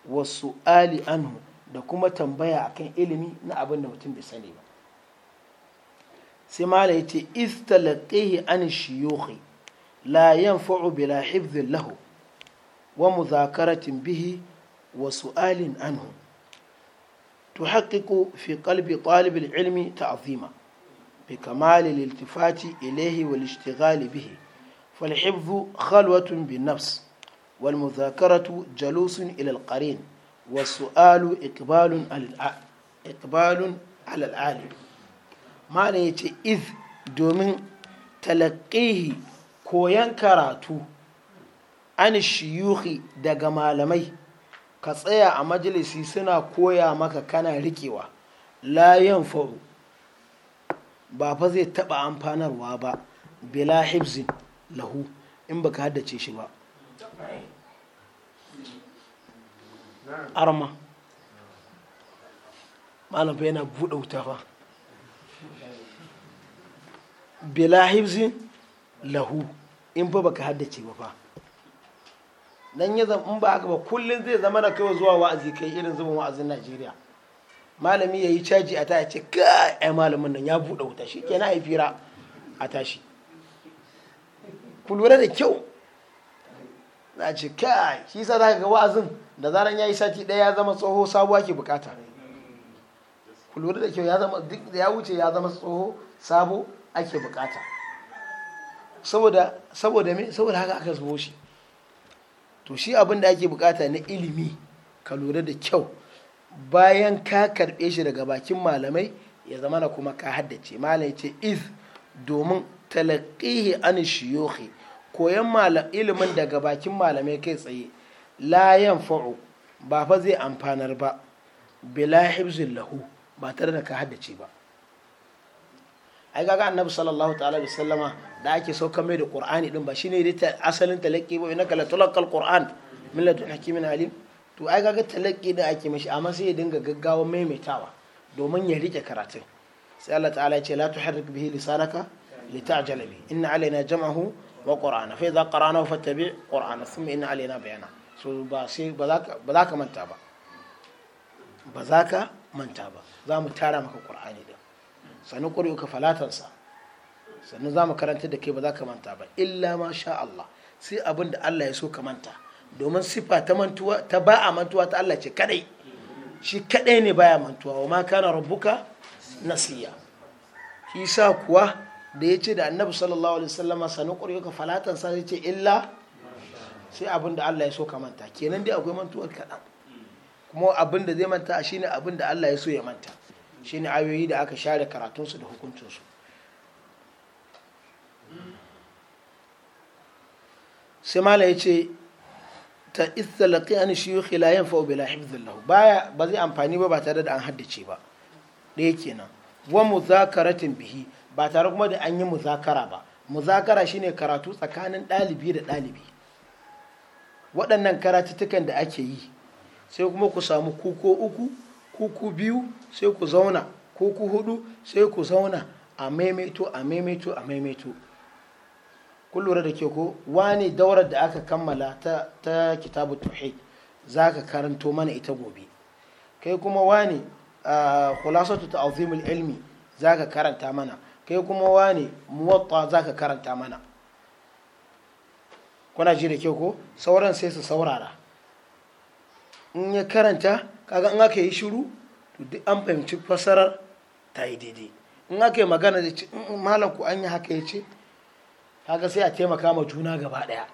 wasu ali anhu da kuma tambaya akan ilimi na abin da mutum bai sani ba sai mala إذ تلقيه عن الشيوخ لا ينفع بلا حفظ له ومذاكرة به وسؤال عنه تحقق في قلب طالب العلم تعظيما بكمال الالتفات إليه والاشتغال به فالحفظ خلوة بالنفس والمذاكرة جلوس إلى القرين والسؤال إقبال على العالم malam ya ce iz domin talaƙihi koyan karatu an shiyuhi daga malamai ka tsaya a majalisi suna koya maka kana riƙewa layan fa'u ba fa zai taɓa amfanarwa ba bila hibzin lahu in baka haddace shi ba arma malam yana buɗe wuta fa bila hibzin lahu in ba baka haddace ba fa dan ya zama in ba haka ba kullun zai zama na kai zuwa wa'azi kai irin zuban wa'azin Najeriya malami yayi caji a ta ce ka ai malamin nan ya bude wuta shikenan ai fira a tashi ku da kyau na ce kai shi sa za ga wa'azin da zaran ya yi sati ɗaya ya zama tsoho sabuwa ke bukata ku da kyau ya zama duk da ya wuce ya zama tsoho sabo ake bukata saboda saboda me saboda haka aka zubo shi to shi abin da ake bukata na ilimi ka lura da kyau bayan ka karbe shi daga bakin malamai ya zama na kuma ka haddace malam ce iz domin talaqihi an shiyukhi koyan ilimin daga bakin malamai kai tsaye layan yanfa'u ba fa zai amfanar ba bila hibzin ba tare da ka haddace ba ai kaga annabi sallallahu ta'ala alaihi wasallama da ake sauka mai da qur'ani din ba shine dai asalin talaqi ba inaka la tulaqal qur'an min ladun hakimin alim to ai kaga talaqi da ake mishi amma sai ya dinga gaggawa maimaitawa domin ya rike karatun sai Allah ta'ala ya ce la tuharrik bihi lisanaka litajala bi inna alaina jam'ahu wa qur'ana fa idza qara'nahu tabi qur'ana thumma inna alaina bayana so ba sai ba za ka manta ba ba za ka manta ba za mu tara maka qur'ani din sannan uka falatansa sannan za mu karanta da ke ba za ka manta ba illa ma sha Allah sai abin da Allah ya so ka manta domin sifa ta mantuwa ta ba a mantuwa ta Allah ce kadai shi kadai ne baya mantuwa wa ma kana rabbuka nasiya isa kuwa da ya ce da annabi sallallahu alaihi wasallam sanin uka falatansa ya ce illa sai abin da Allah ya so ka manta kenan dai akwai mantuwar kaɗan kuma abin da zai manta shine abin da Allah ya so ya manta ne ayoyi da aka share karatunsu da hukuncinsu sai mala ya ce ta an shi yuhi la yanfa bila baya ba zai amfani ba ba tare da an haddace ba ɗaya kenan wa muzakaratin bihi ba tare kuma da an yi muzakara ba muzakara shine karatu tsakanin ɗalibi da ɗalibi waɗannan karatuttukan da ake yi sai kuma ku samu kuko uku ku ku biyu sai ku zauna ko ku hudu sai ku zauna a maimaito a maimaito a maimaito Ku lura da ke ko wani daurar da aka kammala ta, ta kitabu tauhid za ka karanto mana ita gobe kai kuma wani a ta ta'zimul ilmi za ka karanta mana kai kuma wani muwatta za ka karanta mana kuna ji da ke ko sauran sai su saurara in ya karanta kaga in aka yi shiru to duk an fahimci fasarar ta yi daidai in aka yi magana da ce mm, mm, malam ku an yi haka ya ce kaga sai a taimaka ma juna gaba daya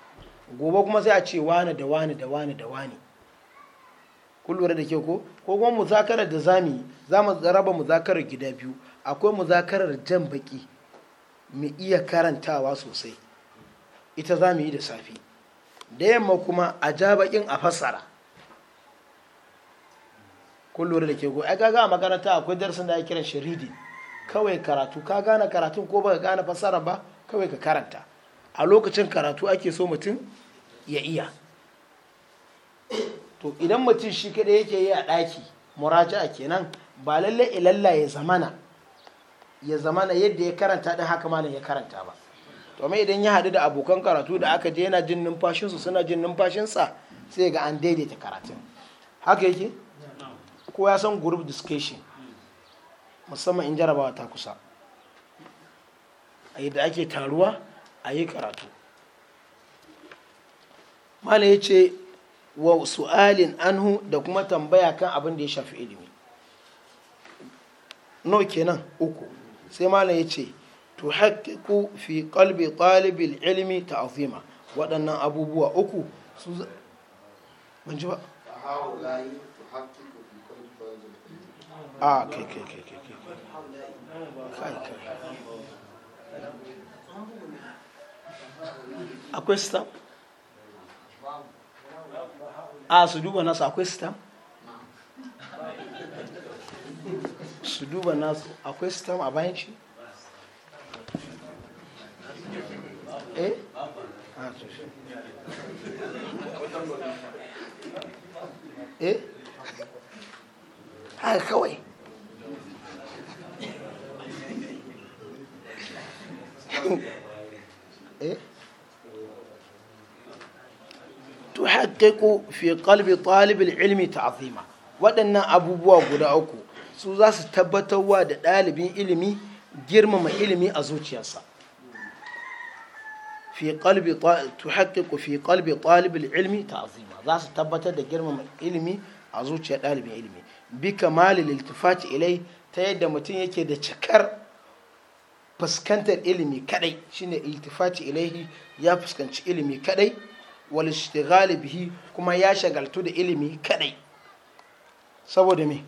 gobe kuma sai a ce wani da wani da wani da wani kun da ke ko ko kuma muzakarar da zami za mu raba muzakarar gida biyu akwai muzakarar jan baki mu iya karantawa sosai ita za mu yi da safe da yamma kuma a ja bakin a fassara kun da ke go ai kaga a makaranta akwai darasin da ya kiran shi reading kawai karatu ka gane karatun ko baka gane fasara ba kawai ka karanta a lokacin karatu ake so mutum ya iya to idan mutum shi kaɗai yake yi a ɗaki a kenan ba lalle ilalla ya zamana ya zamana yadda ya karanta ɗin haka malam ya karanta ba to amma idan ya haɗu da abokan karatu da aka je yana jin numfashinsu suna jin numfashinsa sai ga an daidaita karatun haka yake kowa ya san group discussion musamman in jarabawa ta kusa a yadda ake taruwa a yi karatu mana ya ce wa su'alin anhu da kuma tambaya kan abin da ya shafi ilimi no kenan uku sai mana ya ce haƙiƙu fi ƙalibin ilimi ta ta'zima waɗannan abubuwa uku su zai a ah, kai kai kai kai kai kai akwai stamp a ah, su duba nasu akwai stamp su duba nasu akwai stamp a bayan eh ah, eh kawai Eh? tuhaqqiqu fi qalbi talib ilmi ta'zima waɗannan abubuwa guda uku su za su tabbatarwa da ɗalibin ilimi girmama ilimi a zuciyarsa fi qalbi tuhaqqiqu fi qalbi talib ilmi ta'zima za su tabbatar da girmama ilimi a zuciyar ɗalibin ilimi bi kamalil iltifati ilai ta yadda mutum yake da cikar fuskantar ilimi kadai shine iltifati ilaihi ya fuskanci ilimi kadai wal ishtighali bihi kuma ya shagaltu da ilimi kadai saboda me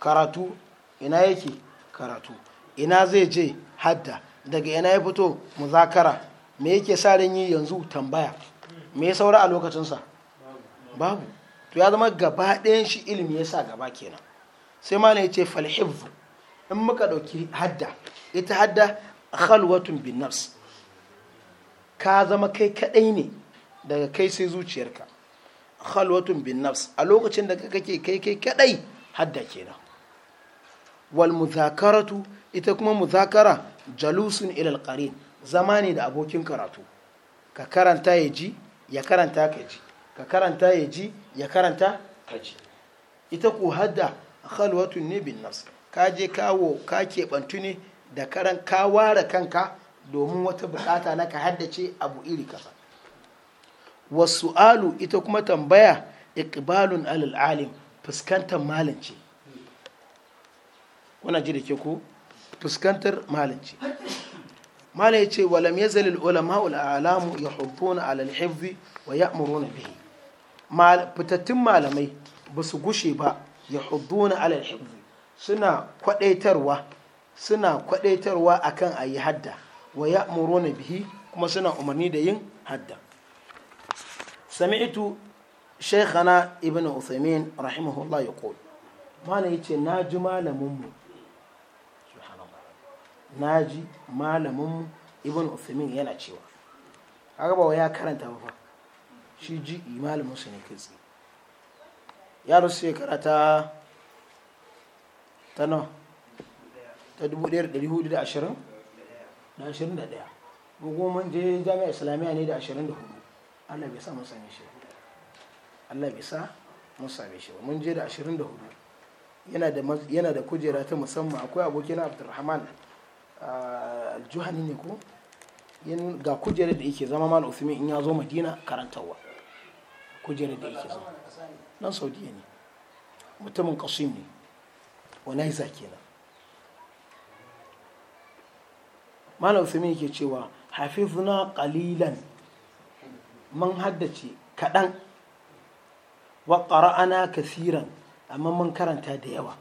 karatu ina yake karatu ina zai je hadda daga ina ya fito muzakara me yake sa ran yi yanzu tambaya me ya saura a lokacinsa babu to ya zama gaba ɗayan shi ilimi ya sa gaba kenan sai ma ya ce falhifu in muka ɗauki hadda ita hadda khalwatun bin nafs ka zama kai kadai ne daga kai sai zuciyarka khalwatun bin nafs a lokacin da ka kake kai kai kadai hadda kenan wal muzakaratu ita kuma muzakara jalusun ilal qarin zama ne da abokin karatu ka karanta ya ji ya karanta ka ji ka karanta ya ji ya karanta ka ji ita ku hadda khalwatun ne bin nafs ka je kawo ka keɓantu ne da karan ka ware kanka domin wata bukata na ka haddace abu iri kasa wasu alu ita kuma tambaya iqbalun alal alim fuskantar malance kuna ji da ke ko fuskantar malance malam ya ce walam ya zalil ulama alamu ya hubbuna alal hifzi wa ya'muruna bihi fitattun malamai ba su gushe ba ya hubbuna alal suna kwadaitarwa suna kwadaitarwa akan a yi hadda wa ya na bihi kuma suna umarni da yin hadda sami'tu shekhana ibn uthaymin rahimahullah yaqul mana yace na ji malaminmu na ji malaminmu ibn uthaymin yana cewa haka ba ya karanta ba shi ji malamin su ne kai ya rasu shekara ta ta ta 1420 da 21 goma je jami'a islamiyya ne da 24 allah bai sa mun same shi allah bai sa mun same shi mun je da 24 yana da kujera ta musamman akwai abokina abdurrahman aljuhani ne ko ga kujera da yake zama mal uthmin in ya zo madina karantarwa kujera da yake zama nan saudiya ne mutumin kasu ne wani kenan malam usaimin yake cewa hafizna kalilan mun haddace kaɗan wa ƙara'ana kasiran amma mun karanta da yawa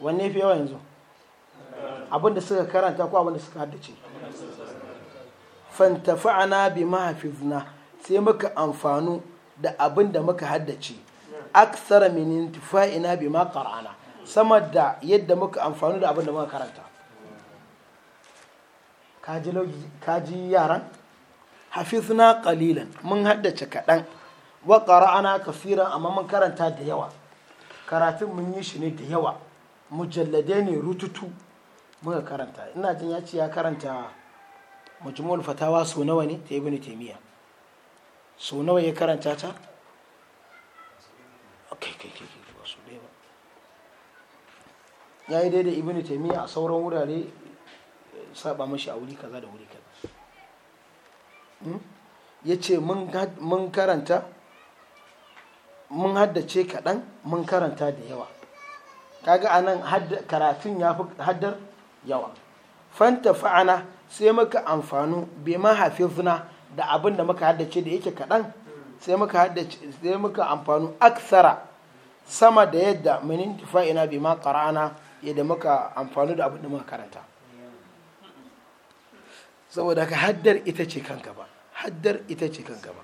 wanne fi yawa yanzu abinda suka karanta ko abinda suka haddace fantafa'ana bi mahafizna sai muka amfanu da abinda muka haddace aksara min intifa'ina bi ma ƙara'ana, sama da yadda muka amfanu da abinda muka karanta kaji yaran hafizna qalilan mun haddace kaɗan wa ana kafira amma mun karanta da yawa karatun mun yi shi ne da yawa mujalladai ne rututu muka karanta ina jin ya ce ya karanta majmu'ul fatawa sau nawa ne ta ibnu taymiya sau nawa ya karanta ta Ya yi kai ba su dai ba da ibnu a sauran wurare saba mashi a wuri kaza da wuri kaza hmm? ya ce mun karanta mun haddace kaɗan mun karanta da yawa kaga a nan karatun ya fi haddar yawa fanta fa'ana sai muka amfanu bai ma hafizna da abin da muka haddace da yake kaɗan sai muka haddace sai maka amfanu aksara sama da yadda menin fa'ina bai ma ƙara'ana yadda muka amfanu da abin da muka karanta saboda ka haddar ita ce kan gaba haddar ita ce kan gaba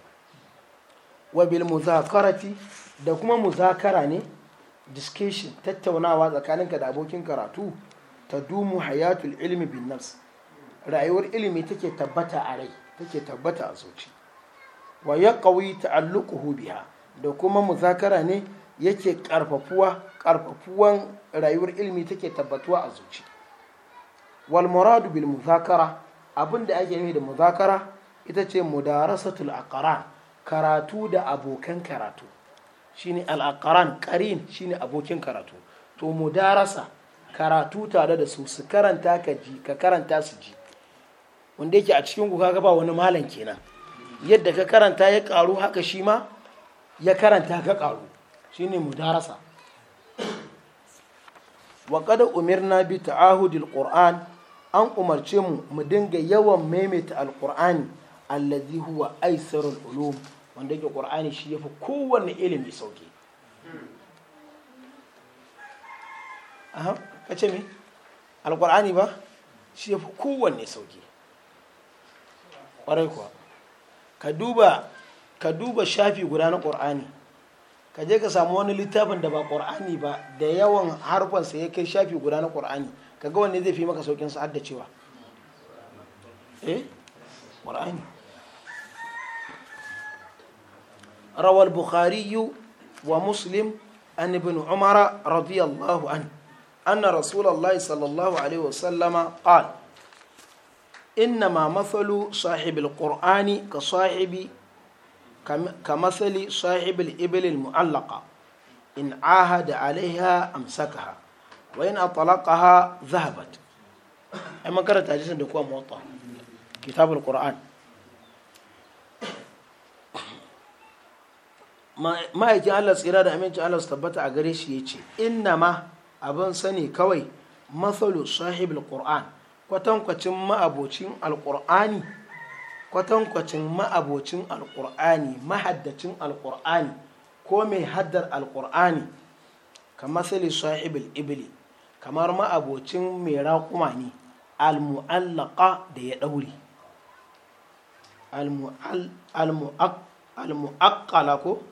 wa bil muzakarati da kuma muzakara ne discussion tattaunawa tsakaninka da abokin karatu ta dumu hayatul ilmi bin nafs rayuwar ilimi take tabbata a rai take tabbata a zuci wa ya ƙawi ta'alluquhu biha da kuma muzakara ne yake karfafuwa ƙarfafuwan rayuwar ilimi take tabbatuwa a zuci wal muradu bil muzakara abin da ake nufi da muzakara ita ce mudarasatul aqran karatu da abokan karatu shine al aqran qarin shine abokin karatu to mudarasa karatu tare da su su karanta ka ji ka karanta su ji wanda yake a cikin ku kaga ba wani malam kenan yadda ka karanta ya karu haka shi ma ya karanta ka karu shine mudarasa wa qad umirna bi ta'ahudil qur'an an umarce mu mu dinga yawan maimaita alkur'ani allazi huwa aisarul ulum wanda yake qur'ani shi yafi kowanne ilimi sauki aha kace me alkur'ani ba shi yafi kowanne sauki kwarai kuwa ka duba ka duba shafi guda na qur'ani ka je ka samu wani littafin da ba qur'ani ba da yawan harfansa ya kai shafi guda na qur'ani ga wanne zai fi maka saukin sa'ad da cewa eh qur'ani rawal bukhari wa muslim an ibn umar radiyallahu an anna rasulullahi sallallahu alaihi wasallama qala إنما مثل صاحب القرآن كصاحب كمثل صاحب الإبل المعلقة إن عاهد عليها أمسكها wa talaka ha zahabat ai man karanta hadisin da kuwa muwatta kitabul qur'an ma'aikin Allah tsira da amincin Allah su tabbata a gare shi ya ce inna ma abin sani kawai mathalu sahibul qur'an kwatankwacin ma'abocin alqur'ani kwatankwacin ma'abocin alqur'ani mahaddacin alqur'ani ko mai haddar alqur'ani kamar sali sahibul ibli kamar ma'abocin mai raƙuma ne almu'allaka da ya al almu'akkala ko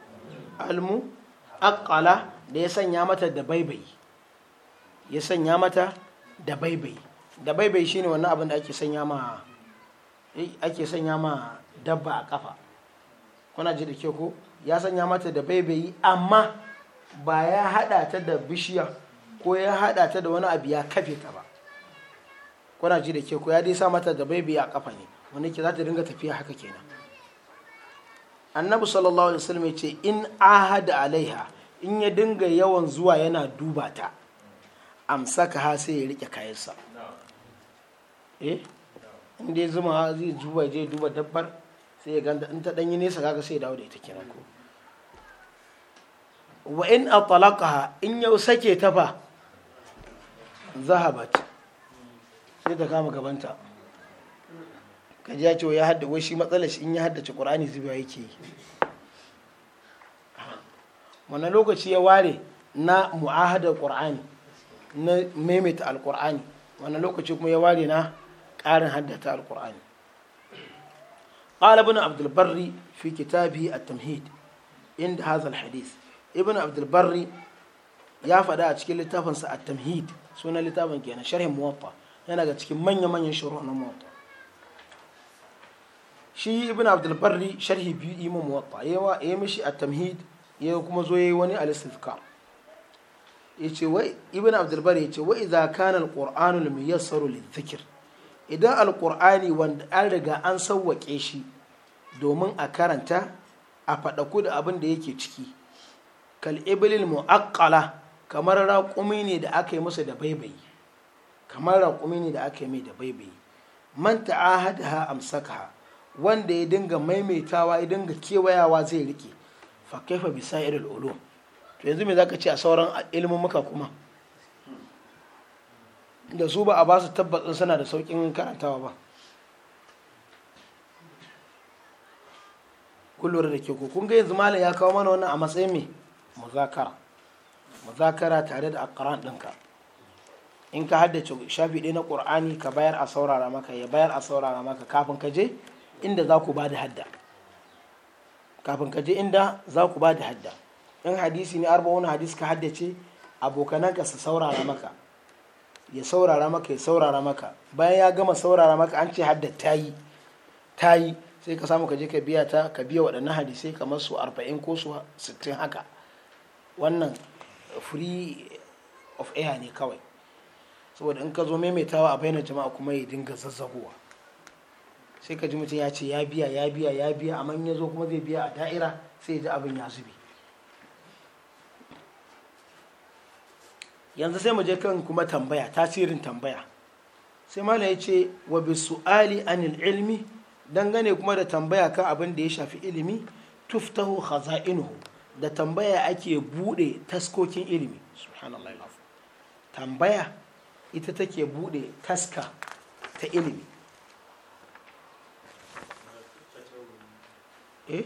almu'akkala da ya sanya mata da baibai ya sanya mata da baibai da baibai shine wannan abin da ake sanya ma ake sanya ma dabba a kafa kuna ji da ke ko ya sanya mata da baiba'i amma ba ya hada ta da bishiya ko ya haɗa ta da wani abu ya kafe ta ba kuna ji da ke ko ya dai sa mata da bai a kafa ne wani ke za ta dinga tafiya haka kenan annabi sallallahu alaihi wasallam ya ce in ahada alaiha in ya dinga yawan zuwa yana duba ta amsaka ha sai ya rike kayansa eh in dai zuma zai duba je duba dabbar sai ya ganta in ta danyi nesa kaga sai ya dawo da ita kenan ko wa in atalaqaha in yau sake ta fa zahabat sai ta kama gabanta ka ji ya ce ya hada wai shi matsalashi shi in ya haddace qur'ani zubiya yake yi wannan lokaci ya ware na mu'ahadar qur'ani na maimaita alqur'ani wani lokaci kuma ya ware na ƙarin haddata alqur'ani قال abdulbarri fi kitabi a tamhid inda hazal هذا Ibn abdulbarri ya البر a cikin littafinsa a tamhid sunan littafin kenan sharhin muwatta yana ga cikin manya-manyan shuruh na muwatta shi ibn abdul sharhi biyu imam muwatta yawa ya mishi a tamhid ya kuma zo yi wani al ya yace wai ibn abdul ya ce wai za ka na alƙur'anul mai muyassaru lidh idan alƙur'ani wanda an riga an sauwaƙe shi domin a karanta a faɗaku da abin da yake ciki kal iblil mu'akkala kamar raƙumi ne da aka yi masa da baibayi kamar raƙumi ne da aka yi mai da baibayi man ha amsaka wanda ya dinga maimaitawa ya dinga kewayawa zai riƙe. fa kaifa bi sa'iril ulum to yanzu me zaka ce a sauran ilimin muka kuma da su ba a ba su tabbatsin suna da saukin karantawa ba kullum da ke kun ga yanzu malam ya kawo mana wannan a matsayin me muzakara muzakara tare da akaran ɗinka in ka haddace shafi ɗaya na ƙur'ani ka bayar a saurara maka ya bayar a saurara maka kafin ka je inda za ku ba da hadda kafin ka je inda za ku ba da hadda in hadisi ne arba wani hadis ka haddace abokananka su saurara maka ya saurara maka ya saurara maka bayan ya gama saurara maka an ce hadda ta yi ta yi sai ka samu ka je ka biya ta ka biya waɗannan hadisai kamar su arba'in ko su sittin haka wannan free of air ne kawai saboda in ka zo maimaitawa a bainar jama'a kuma ya dinga zazzagowa sai ka ji mutum ya ce ya biya ya biya ya biya amma ya zo kuma zai biya a da'ira sai ya ji abin ya zube yanzu sai mu je kan kuma tambaya tasirin tambaya sai mala ya ce wa bi su'ali anil ilmi dangane kuma da tambaya kan abin da ya shafi ilimi tuftahu khaza'inuhu da tambaya ake buɗe taskokin ilimi tambaya ita take buɗe taska ta ilimi eh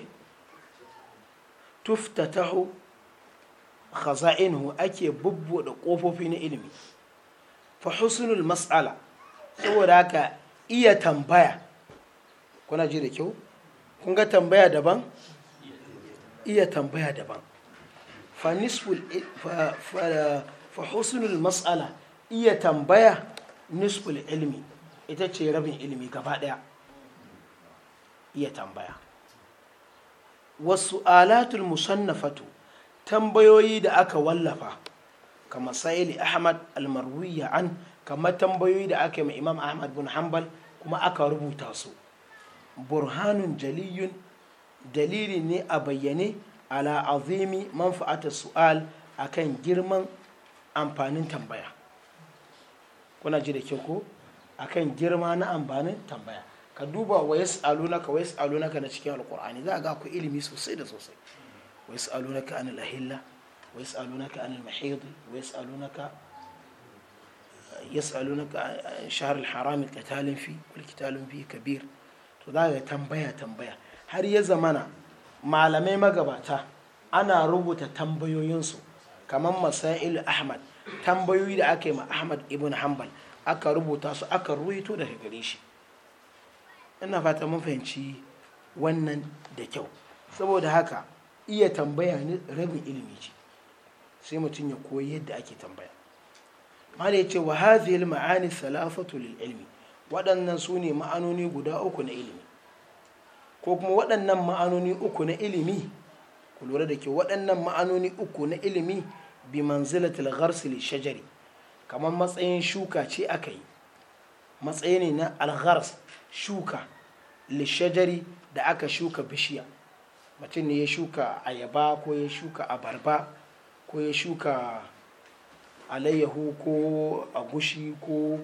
tuftatahu khaza'inhu ake bubbuɗe ƙofofi na ilimi fa husnul mas'ala saboda haka iya tambaya kuna ji da kyau kun ga tambaya daban iya tambaya daban fa nisful fa mas'ala iya tambaya nisful ilmi ita ce rabin ilmi gaba daya iya tambaya wasu alatul musannafatu tambayoyi da aka wallafa kama sa'ili ahmad almarwiya an kama tambayoyi da aka yi imam ahmad bin hanbal kuma aka rubuta su burhanun jaliyun dalili ne a bayyane ala azimi manfa'ata su'al akan girman amfanin tambaya kuna ji da kyau ko akan girma na amfanin tambaya ka duba wa yas'alunaka wa alunaka na cikin alqur'ani za a ga ku ilimi sosai da sosai wa alunaka anil ahilla wa alunaka anil mahid wa yas'alunaka yas'alunaka alunaka al haram qitalin fi wal qitalun fi kabir to za a ga tambaya tambaya har ya zamana malamai magabata ana rubuta tambayoyinsu kamar masail ahmad tambayoyi da aka yi ma ahmad ibn hanbal aka rubuta su aka ruwaito daga gare shi ina fata mun fahimci wannan da kyau saboda haka iya tambaya ni rabin ilimi ce sai mutum ya koyi yadda ake tambaya mala ya ce wa hazil ma'ani salafatu lil ilmi waɗannan su ne ma'anoni guda uku na ilimi ko kuma waɗannan ma'anoni uku na ilimi ku lura da ke waɗannan ma'anoni uku na ilimi bi manzilatil gharsil shajari kamar matsayin shuka ce aka yi matsayi ne na alghars shuka lishajari da aka shuka bishiya mutum ne ya shuka ayaba ko ya shuka abarba ko ya shuka alayyahu ko agushi ko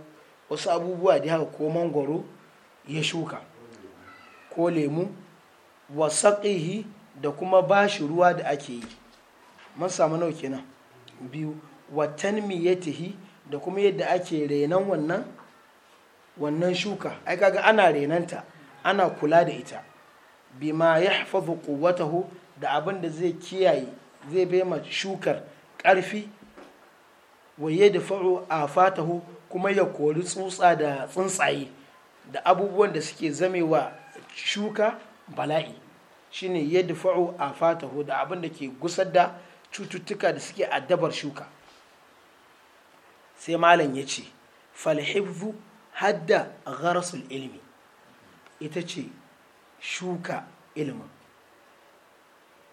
wasu abubuwa da haka ko mangoro, ya shuka ko lemu wa da kuma bashi ruwa da ake yi mun samu nau kenan biyu wa tanmiyatihi da kuma yadda ake renan wannan wannan shuka ai kaga ana renanta ana kula da ita bima yahfazu quwwatahu da abin da zai kiyaye zai bai ma shukar ƙarfi wa yadfa'u afatahu kuma ya kori tsutsa da tsuntsaye da abubuwan da suke zamewa shuka bala'i shine yadfa'u afatahu da abin da ke gusar da cututtuka da suke addabar shuka sai malam ya ce falhifzu hadda gharasul ilmi ita ce shuka ilimin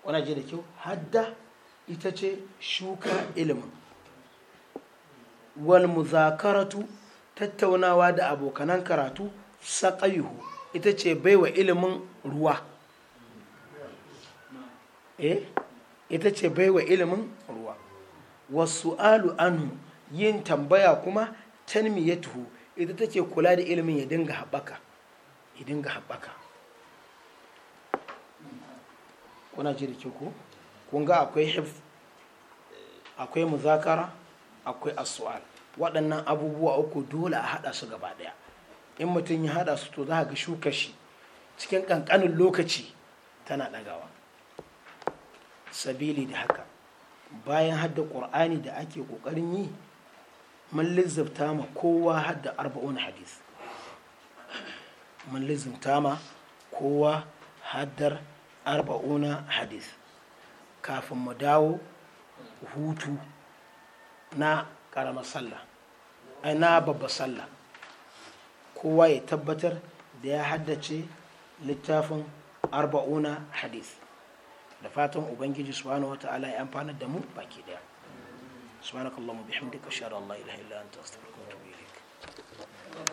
wana ji da kyau hadda ita ce shuka ilimin wal muzakaratu tattaunawa da abokanan karatu saƙayuhu ita ce baiwa ilimin ruwa eh ita ce baiwa ilimin ruwa wasu alu anu yin tambaya kuma ya tuhu ita ce kula da ilimin ya dinga haɓaka ya dinga haɓaka kuna ji da ke ko kun ga akwai hif akwai muzakara akwai asu'al waɗannan abubuwa uku dole a haɗa su gaba ɗaya in mutum ya haɗa su to za ga shuka shi cikin ƙanƙanin lokaci tana ɗagawa sabili da haka bayan hadda ƙur'ani da ake ƙoƙarin yi mun lizzabta ma kowa hadda arba'un hadis mun ma kowa haddar arba'un hadis kafin mu dawo hutu na ƙaramar sallah na babbar sallah kowa ya tabbatar da ya haddace littafin arba'una hadith da fatan ubangiji subhanahu wata'ala ya amfanar da mu baki daya subhanakallahumma bihamdika ashhadu an ilaha illa anta astaghfiruka